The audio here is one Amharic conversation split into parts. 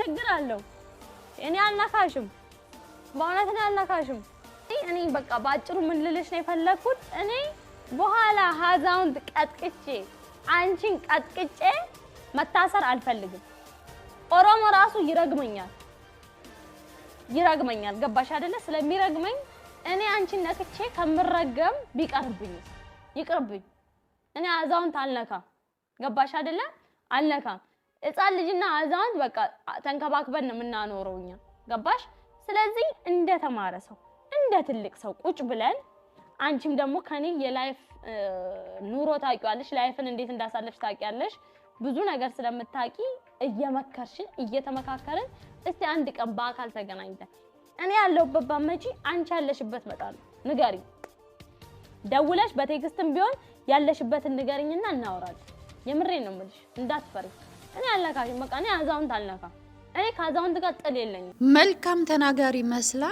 ችግር አለው? እኔ አልነካሽም፣ በእውነት እኔ አልነካሽም። እኔ በቃ በአጭሩ ምን ልልሽ ነው የፈለግኩት እኔ በኋላ ሀዛውንት ቀጥቅጬ አንቺን ቀጥቅጬ መታሰር አልፈልግም። ኦሮሞ ራሱ ይረግመኛል ይረግመኛል። ገባሽ አይደለ? ስለሚረግመኝ እኔ አንቺን ነክቼ ከምረገም ቢቀርብኝ ይቅርብኝ። እኔ አዛውንት አልነካም። ገባሽ አይደለ? አልነካም። ህፃን ልጅና አዛውንት በቃ ተንከባክበን ነው የምናኖረው እኛ ገባሽ? ስለዚህ እንደ ተማረ ሰው እንደ ትልቅ ሰው ቁጭ ብለን አንቺም ደግሞ ከኔ የላይፍ ኑሮ ታውቂዋለሽ፣ ላይፍን እንዴት እንዳሳለፍሽ ታውቂያለሽ። ብዙ ነገር ስለምታውቂ እየመከርሽን እየተመካከርን እስቲ አንድ ቀን በአካል ተገናኝተን እኔ ያለሁበት ባመጪ አንቺ ያለሽበት እመጣለሁ፣ ንገሪ ደውለሽ በቴክስትም ቢሆን ያለሽበትን ንገሪኝና እናወራለን። የምሬ ነው የምልሽ፣ እንዳትፈሪ። እኔ አልነካሽም። በቃ እኔ አዛውንት አልነካ። እኔ ከአዛውንት ጋር ጥል የለኝም። መልካም ተናጋሪ መስላ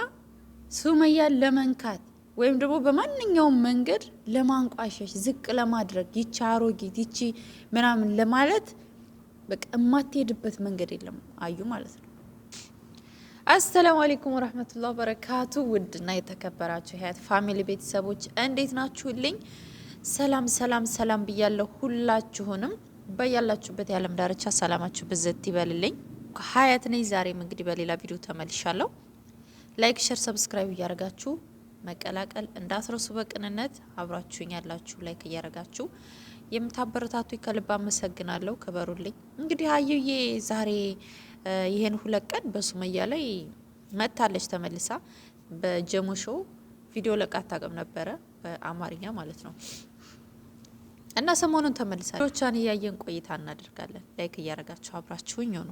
ሱመያን ለመንካት ወይም ደግሞ በማንኛውም መንገድ ለማንቋሸሽ፣ ዝቅ ለማድረግ ይቺ አሮጊት ይቺ ምናምን ለማለት በቃ የማትሄድበት መንገድ የለም አዩ ማለት ነው። አሰላሙ አሌይኩም ወረህመቱላህ በረካቱ። ውድና የተከበራችሁ ህያት ፋሚሊ ቤተሰቦች እንዴት ናችሁልኝ? ሰላም ሰላም ሰላም ብያለሁ ሁላችሁንም በያላችሁበት የዓለም ዳርቻ ሰላማችሁ ብዘት ይበልልኝ። ሀያት ነኝ። ዛሬም እንግዲህ በሌላ ቪዲዮ ተመልሻለሁ። ላይክ፣ ሸር፣ ሰብስክራይብ እያደረጋችሁ መቀላቀል እንዳትረሱ። በቅንነት አብራችሁኝ ያላችሁ ላይክ እያደረጋችሁ የምታበረታቱ ከልብ አመሰግናለሁ። ክበሩልኝ። እንግዲህ አዩዬ ዛሬ ይሄን ሁለት ቀን በሱመያ ላይ መታለች። ተመልሳ በጀሞ ቪዲዮ ለቃ አታውቅም ነበረ፣ በአማርኛ ማለት ነው እና ሰሞኑን ተመልሳል ሮቻን እያየን ቆይታ እናደርጋለን። ላይክ እያደረጋችሁ አብራችሁኝ ሆኑ።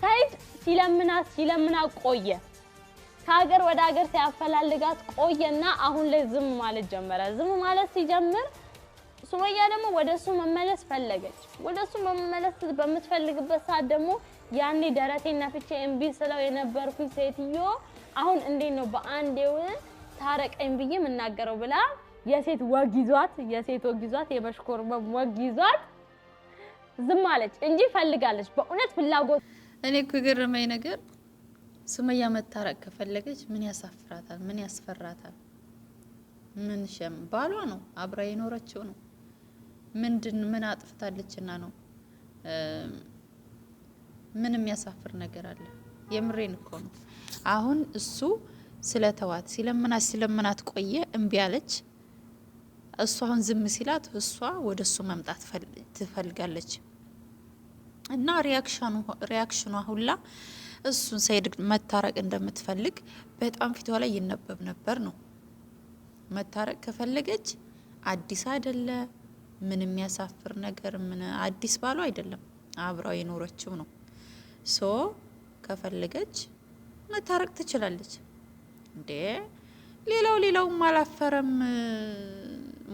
ሰይድ ሲለምናት ሲለምናት ቆየ። ከሀገር ወደ ሀገር ሲያፈላልጋት ቆየና አሁን ላይ ዝም ማለት ጀመረ። ዝም ማለት ሲጀምር ሱመያ ደግሞ ወደ እሱ መመለስ ፈለገች። ወደ እሱ መመለስ በምትፈልግበት ሰዓት ደግሞ ያኔ ደረቴን ነፍቼ እምቢ ስለው የነበርኩኝ ሴትዮ አሁን እንዴት ነው በአንዴው ታረቀኝ ብዬ የምናገረው ብላ የሴት ወግ ይዟት የሴት ወግ ይዟት የመሽኮርመም ወግ ይዟት ዝም አለች እንጂ ፈልጋለች። በእውነት ፍላጎት እኔ እኮ የገረመኝ ነገር ሱመያ መታረቅ ከፈለገች ምን ያሳፍራታል? ምን ያስፈራታል? ምን ሸም ባሏ ነው አብራ የኖረችው ነው። ምንድን ምን አጥፍታለችና ነው? ምን የሚያሳፍር ነገር አለ? የምሬን እኮ ነው። አሁን እሱ ስለተዋት ሲለምናት ሲለምናት ቆየ፣ እምቢ አለች። እሷን አሁን ዝም ሲላት እሷ ወደ እሱ መምጣት ትፈልጋለች እና ሪያክሽኗ ሁላ እሱን ሰኢድ መታረቅ እንደምትፈልግ በጣም ፊቷ ላይ ይነበብ ነበር ነው። መታረቅ ከፈለገች አዲስ አይደለ ምን የሚያሳፍር ነገር ምን አዲስ ባሉ አይደለም፣ አብራው የኖረችው ነው። ሶ ከፈለገች መታረቅ ትችላለች። እንዴ ሌላው ሌላውም አላፈረም።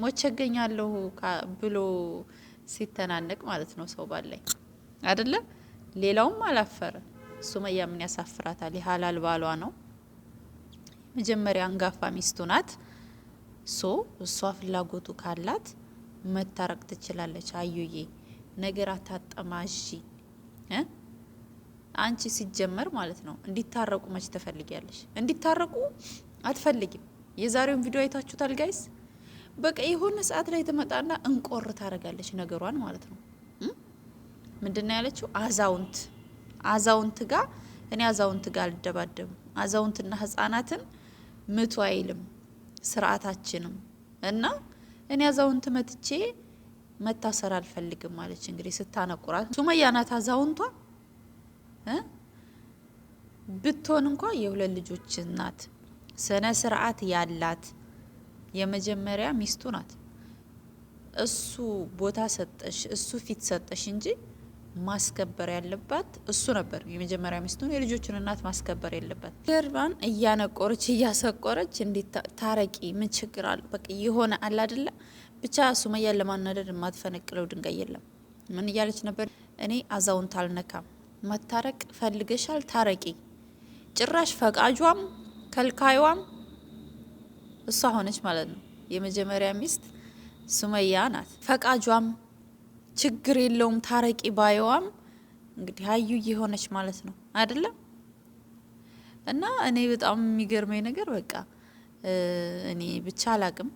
ሞቼ እገኛለሁ ብሎ ሲተናነቅ ማለት ነው ሰው ባላይ አይደለም። ሌላውም አላፈረ። ሱመያ ምን ያሳፍራታል? የሀላል ባሏ ነው። መጀመሪያ አንጋፋ ሚስቱ ናት። ሶ እሷ ፍላጎቱ ካላት መታረቅ ትችላለች። አዩዬ ነገር አታጠማዥ አንቺ ሲጀመር ማለት ነው እንዲታረቁ መች ትፈልጊያለሽ? እንዲታረቁ አትፈልጊም። የዛሬውን ቪዲዮ አይታችሁታል ጋይስ በቃ የሆነ ሰዓት ላይ ትመጣና እንቆር ታደርጋለች ነገሯን ማለት ነው። ምንድነው ያለችው? አዛውንት አዛውንት ጋ እኔ አዛውንት ጋር አልደባደብም። አዛውንትና ህጻናትን ምቱ አይልም ስርዓታችንም እና እኔ አዛውንት መትቼ መታሰር አልፈልግም ማለች። እንግዲህ ስታነቁራት ሱመያ ናት አዛውንቷ ብትሆን እንኳ የሁለት ልጆች ናት፣ ስነ ስርዓት ያላት የመጀመሪያ ሚስቱ ናት። እሱ ቦታ ሰጠሽ፣ እሱ ፊት ሰጠሽ እንጂ ማስከበር ያለባት እሱ ነበር። የመጀመሪያ ሚስቱን የልጆቹን እናት ማስከበር የለባት። ጀርባን እያነቆረች እያሰቆረች እንዴት ታረቂ፣ ምን ችግር አለ? በቃ የሆነ አለ አደለ? ብቻ ሱመያን ለማናደድ የማትፈነቅለው ድንጋይ የለም። ምን እያለች ነበር? እኔ አዛውንት አልነካም። መታረቅ ፈልገሻል፣ ታረቂ። ጭራሽ ፈቃጇም ከልካዩም? እሷ ሆነች ማለት ነው። የመጀመሪያ ሚስት ሱመያ ናት። ፈቃጇም ችግር የለውም ታረቂ ባየዋም እንግዲህ ሀዩ የሆነች ማለት ነው አይደለም። እና እኔ በጣም የሚገርመኝ ነገር በቃ እኔ ብቻ አላቅም።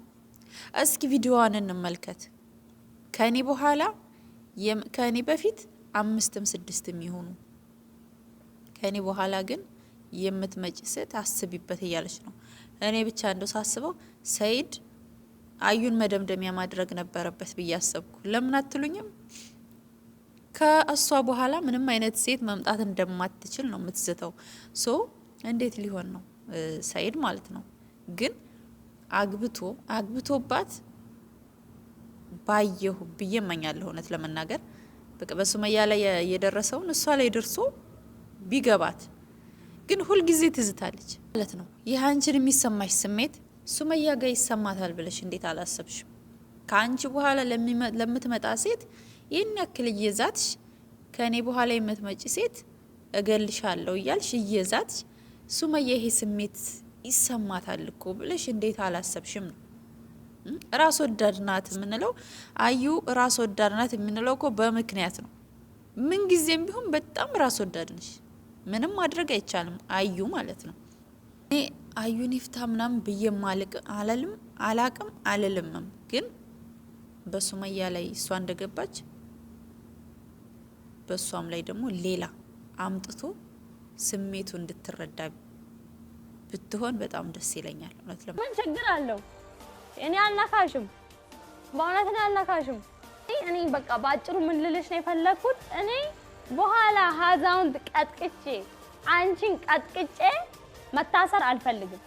እስኪ ቪዲዮዋን እንመልከት። ከእኔ በኋላ ከእኔ በፊት አምስትም ስድስትም ይሆኑ ከእኔ በኋላ ግን የምትመጪ ሴት አስቢበት እያለች ነው። እኔ ብቻ እንደው ሳስበው ሰይድ አዩን መደምደሚያ ማድረግ ነበረበት ብዬ አሰብኩ። ለምን አትሉኝም? ከእሷ በኋላ ምንም አይነት ሴት መምጣት እንደማትችል ነው የምትዝተው። ሶ እንዴት ሊሆን ነው ሰይድ ማለት ነው። ግን አግብቶ አግብቶባት ባየሁ ብዬ እመኛለሁ። እውነት ለመናገር በቃ በሱመያ ላይ የደረሰውን እሷ ላይ ደርሶ ቢገባት ግን ሁልጊዜ ትዝታለች ማለት ነው። ይህ አንቺን የሚሰማሽ ስሜት ሱመያ ጋር ይሰማታል ብለሽ እንዴት አላሰብሽም? ከአንቺ በኋላ ለምትመጣ ሴት ይህን ያክል እየዛትሽ ከእኔ በኋላ የምትመጪ ሴት እገልሻለሁ እያልሽ እየዛትሽ ሱመያ ይሄ ስሜት ይሰማታል እኮ ብለሽ እንዴት አላሰብሽም ነው ራስ ወዳድ ናት የምንለው አዩ ራስ ወዳድ ናት የምንለው እኮ በምክንያት ነው። ምን ጊዜም ቢሆን በጣም ራስ ወዳድ ነሽ። ምንም ማድረግ አይቻልም። አዩ ማለት ነው እኔ አዩን ይፍታ ምናምን ብዬ ማልቅ አላልም አላቅም አልልምም። ግን በሱመያ ላይ እሷ እንደገባች በእሷም ላይ ደግሞ ሌላ አምጥቶ ስሜቱ እንድትረዳ ብትሆን በጣም ደስ ይለኛል። እውነት ለምን ችግር አለው? እኔ አልናካሽም፣ በእውነት እኔ አልናካሽም። እኔ በቃ በአጭሩ ምን ልልሽ ነው የፈለግኩት እኔ በኋላ ሀዛውንት ቀጥቅጬ አንቺን ቀጥቅጬ መታሰር አልፈልግም።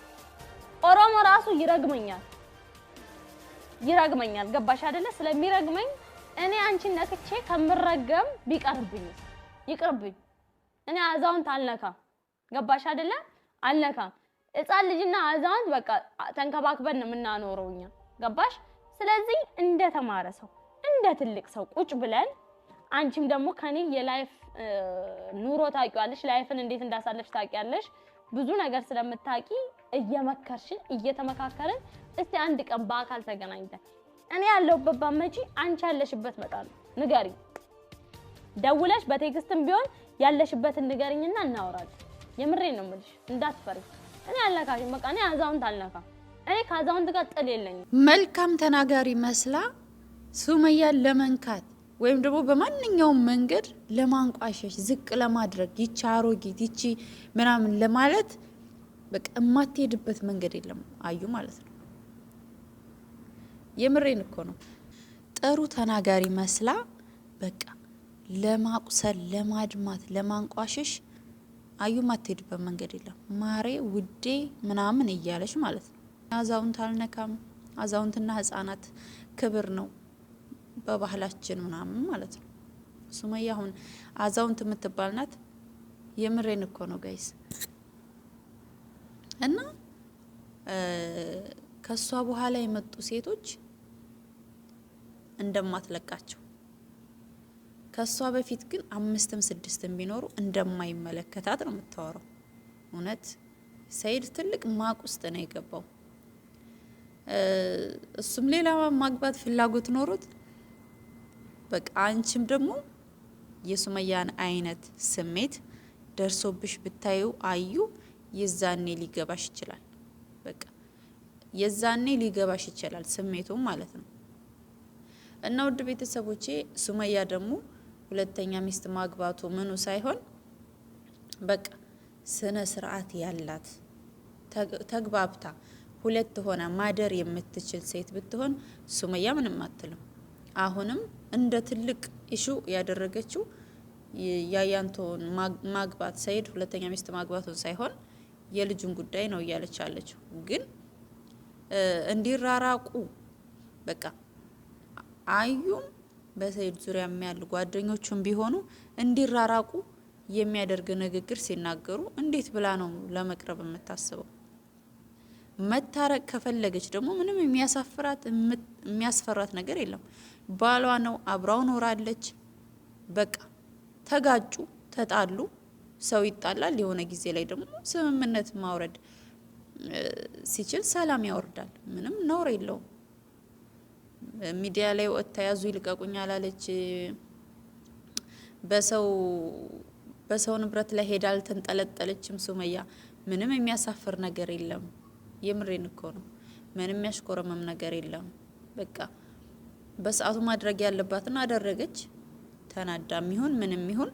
ኦሮሞ ራሱ ይረግመኛል ይረግመኛል። ገባሽ አይደለ? ስለሚረግመኝ እኔ አንቺን ነክቼ ከምረገም ቢቀርብኝ ይቅርብኝ። እኔ አዛውንት አልነካም። ገባሽ አይደለ? አልነካም። ህፃን ልጅና አዛውንት በቃ ተንከባክበን የምናኖረው እኛ ገባሽ። ስለዚህ እንደ ተማረ ሰው እንደ ትልቅ ሰው ቁጭ ብለን አንቺም ደግሞ ከኔ የላይፍ ኑሮ ታውቂዋለሽ፣ ላይፍን እንዴት እንዳሳለፍሽ ታውቂያለሽ። ብዙ ነገር ስለምታውቂ እየመከርሽን እየተመካከርን እስቲ አንድ ቀን በአካል ተገናኝተን እኔ ያለሁበት ባመጪ አንቺ ያለሽበት መጣል ንገሪ፣ ደውለሽ በቴክስትም ቢሆን ያለሽበትን ንገሪኝና እናወራለን። የምሬ ነው የምልሽ፣ እንዳትፈሪ። እኔ አልነካሽም፣ በቃ እኔ አዛውንት አልነካም። እኔ ከአዛውንት ጋር ጥል የለኝም። መልካም ተናጋሪ መስላ ሱመያን ለመንካት ወይም ደግሞ በማንኛውም መንገድ ለማንቋሸሽ ዝቅ ለማድረግ ይቺ አሮጊት ይቺ ምናምን ለማለት በቃ የማትሄድበት መንገድ የለም አዩ ማለት ነው። የምሬን እኮ ነው። ጥሩ ተናጋሪ መስላ በቃ ለማቁሰል፣ ለማድማት፣ ለማንቋሸሽ አዩ የማትሄድበት መንገድ የለም። ማሬ ውዴ ምናምን እያለች ማለት ነው። አዛውንት አልነካም። አዛውንትና ህጻናት ክብር ነው በባህላችን ምናምን ማለት ነው። ሱመያ አሁን አዛውንት የምትባል ናት። የምሬን እኮ ነው ጋይስ። እና ከእሷ በኋላ የመጡ ሴቶች እንደማትለቃቸው ከእሷ በፊት ግን አምስትም ስድስትም ቢኖሩ እንደማይመለከታት ነው የምታወራው። እውነት ሰይድ ትልቅ ማቅ ውስጥ ነው የገባው። እሱም ሌላ ማግባት ፍላጎት ኖሮት በቃ አንቺም ደግሞ የሱመያን አይነት ስሜት ደርሶብሽ ብታዩ አዩ የዛኔ ሊገባሽ ይችላል። በቃ የዛኔ ሊገባሽ ይችላል ስሜቱም ማለት ነው። እና ውድ ቤተሰቦቼ ሱመያ ደግሞ ሁለተኛ ሚስት ማግባቱ ምኑ ሳይሆን በቃ ስነ ስርዓት ያላት ተግባብታ ሁለት ሆና ማደር የምትችል ሴት ብትሆን ሱመያ ምንም አትልም አሁንም እንደ ትልቅ ኢሹ ያደረገችው ያያንቶን ማግባት ሰይድ ሁለተኛ ሚስት ማግባቱን ሳይሆን የልጁን ጉዳይ ነው እያለች ያለችው። ግን እንዲራራቁ በቃ አዩም በሰይድ ዙሪያ የሚያሉ ጓደኞቹም ቢሆኑ እንዲራራቁ የሚያደርግ ንግግር ሲናገሩ እንዴት ብላ ነው ለመቅረብ የምታስበው? መታረቅ ከፈለገች ደግሞ ምንም የሚያሳፍራት የሚያስፈራት ነገር የለም። ባሏ ነው፣ አብራው ኖራለች። በቃ ተጋጩ፣ ተጣሉ። ሰው ይጣላል። የሆነ ጊዜ ላይ ደግሞ ስምምነት ማውረድ ሲችል ሰላም ያወርዳል። ምንም ነውር የለውም። ሚዲያ ላይ ወጥታ ያዙ ይልቀቁኝ አላለች። በሰው በሰው ንብረት ላይ ሄዳ አልተንጠለጠለችም ሱመያ። ምንም የሚያሳፍር ነገር የለም። የምሬን እኮ ነው። ምንም ያሽኮረመም ነገር የለም። በቃ በሰዓቱ ማድረግ ያለባትን አደረገች። ተናዳም ይሁን ምንም ይሁን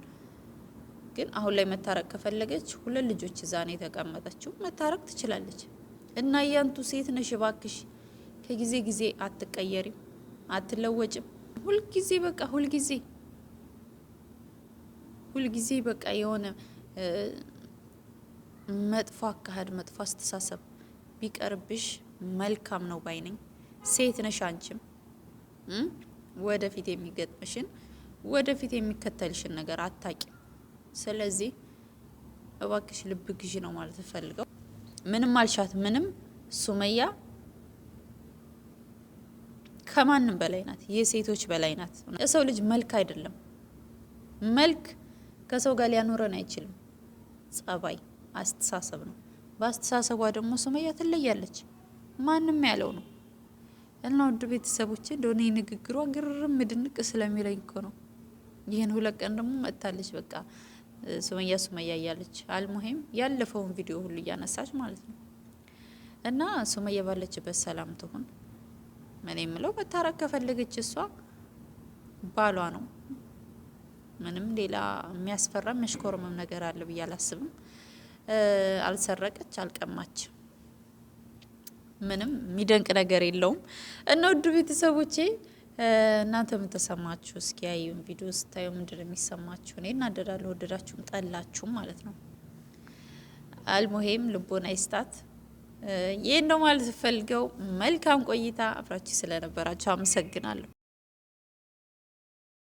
ግን አሁን ላይ መታረቅ ከፈለገች ሁለት ልጆች እዛ ነው የተቀመጠችው፣ መታረቅ ትችላለች። እና እያንቱ ሴት ነሽ ባክሽ፣ ከጊዜ ጊዜ አትቀየሪም፣ አትለወጭም። ሁልጊዜ በቃ ሁልጊዜ ሁልጊዜ በቃ የሆነ መጥፎ አካሄድ፣ መጥፎ አስተሳሰብ ቢቀርብሽ መልካም ነው ባይ ነኝ። ሴት ነሽ አንቺም ወደፊት የሚገጥምሽን ወደፊት የሚከተልሽን ነገር አታቂም። ስለዚህ እባክሽ ልብ ግዢ ነው ማለት ፈልገው። ምንም አልሻት ምንም። ሱመያ ከማንም በላይ ናት፣ የሴቶች በላይ ናት። የሰው ልጅ መልክ አይደለም መልክ ከሰው ጋር ሊያኖረን አይችልም። ጸባይ፣ አስተሳሰብ ነው። በአስተሳሰቧ ደግሞ ሱመያ ትለያለች። ማንም ያለው ነው እና ውድ ቤተሰቦች እንደሆነ ንግግሯ ግርም ድንቅ ስለሚለኝ እኮ ነው። ይህን ሁለት ቀን ደግሞ መጥታለች። በቃ ሱመያ ሱመያ እያለች አልሙሄም ያለፈውን ቪዲዮ ሁሉ እያነሳች ማለት ነው። እና ሱመያ ባለችበት ሰላም ትሁን። ምን የምለው መታረቅ ከፈለገች እሷ ባሏ ነው። ምንም ሌላ የሚያስፈራ የሚያሽኮርምም ነገር አለ ብዬ አላስብም። አልሰረቀች፣ አልቀማች። ምንም የሚደንቅ ነገር የለውም። እና ውድ ቤተሰቦቼ እናንተ ምን ተሰማችሁ? እስኪ ያዩን ቪዲዮ ስታዩ ምንድን ነው የሚሰማችሁ? እኔ እናደዳለሁ። ወደዳችሁም ጠላችሁም ማለት ነው። አልሙሄም ልቦና ይስጣት። ይህን ነው ማለት ፈልገው። መልካም ቆይታ። አብራችሁ ስለነበራችሁ አመሰግናለሁ።